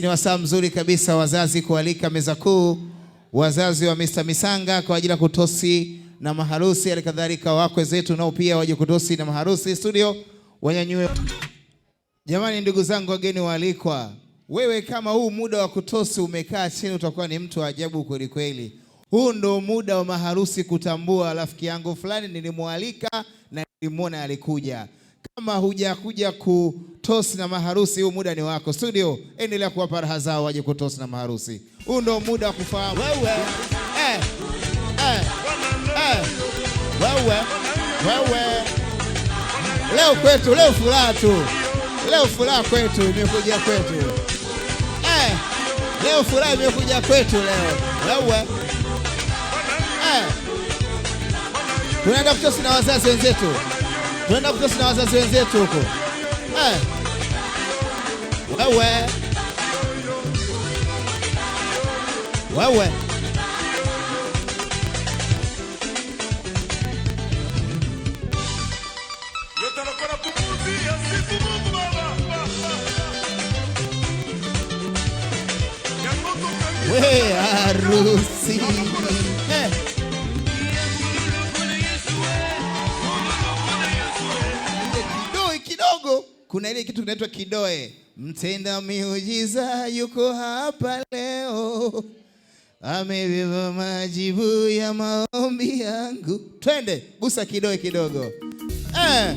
Ni wasaa mzuri kabisa wazazi kualika meza kuu, wazazi wa Mr. Misanga kwa ajili ya kutosi na maharusi, halikadhalika wakwe zetu nao pia waje kutosi na maharusi studio, wanyanyue. Jamani, ndugu zangu, wageni waalikwa, wewe kama huu muda wa kutosi umekaa chini, utakuwa ni mtu wa ajabu kweli kweli. Huu ndo muda wa maharusi kutambua. Rafiki yangu fulani nilimwalika na nilimwona alikuja kama hujakuja kutosi na maharusi, huu muda ni wako. Studio, endelea kuwapa raha zao waje kutosi na maharusi. Huu ndio muda wa kufahamu wewe, eh, eh, eh, wewe, wewe. Leo kwetu, leo furaha tu, leo furaha kwetu imekuja kwetu, eh, leo furaha imekuja kwetu leo, wewe, eh, tunaenda kutosi na wazazi wenzetu. None of those nonsense is there, Toko. Ué, ué, ué, ué. Ué, a Arruci. kuna ile kitu kinaitwa kidoe. Mtenda miujiza yuko hapa leo, amebeba majibu ya maombi yangu. Twende, gusa kidoe kidogo. Eh,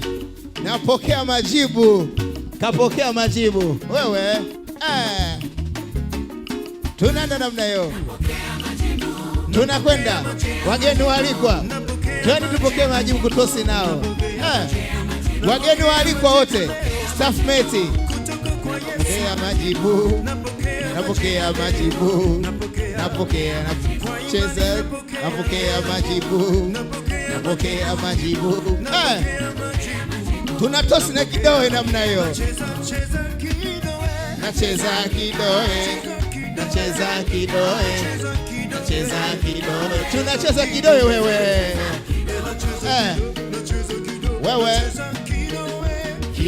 napokea majibu, kapokea majibu wewe. Eh, tunaenda namna hiyo, tunakwenda. Wageni waalikwa, twende tupokee majibu kutosi nao. Eh, wageni waalikwa wote Safmeti, pokea majibu, napokea majibu, napokea nacheza, napokea majibu, napokea majibu. Tunatosi na kidoe namna hiyo, nacheza kidoe, nacheza kidoe, nacheza kidoe, tunacheza kidoe wewe, wewe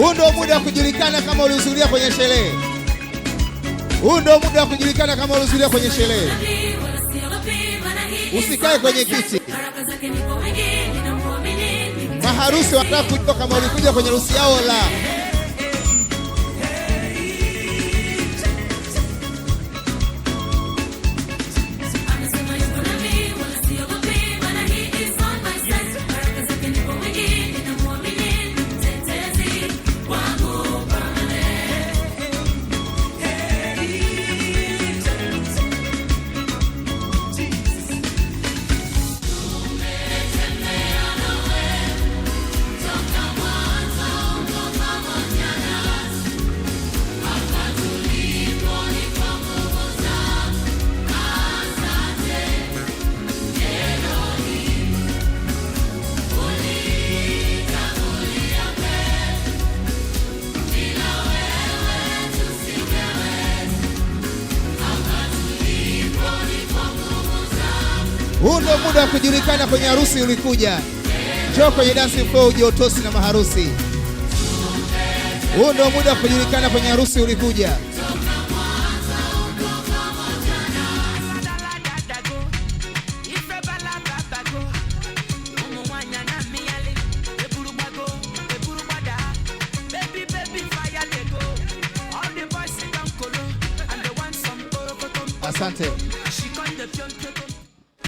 Huu ndio muda wa kujulikana kama ulihudhuria kwenye sherehe. Huu ndio muda wa kujulikana kama ulihudhuria kwenye sherehe. Usikae kwenye kiti. Maharusi wanataka kujua kama ulikuja kwenye harusi yao la Huu ndio muda wa kujulikana kwenye harusi ulikuja. Njoo kwenye dancing floor uje utosi na maharusi. Huu ndio muda wa kujulikana kwenye harusi ulikuja. Asante.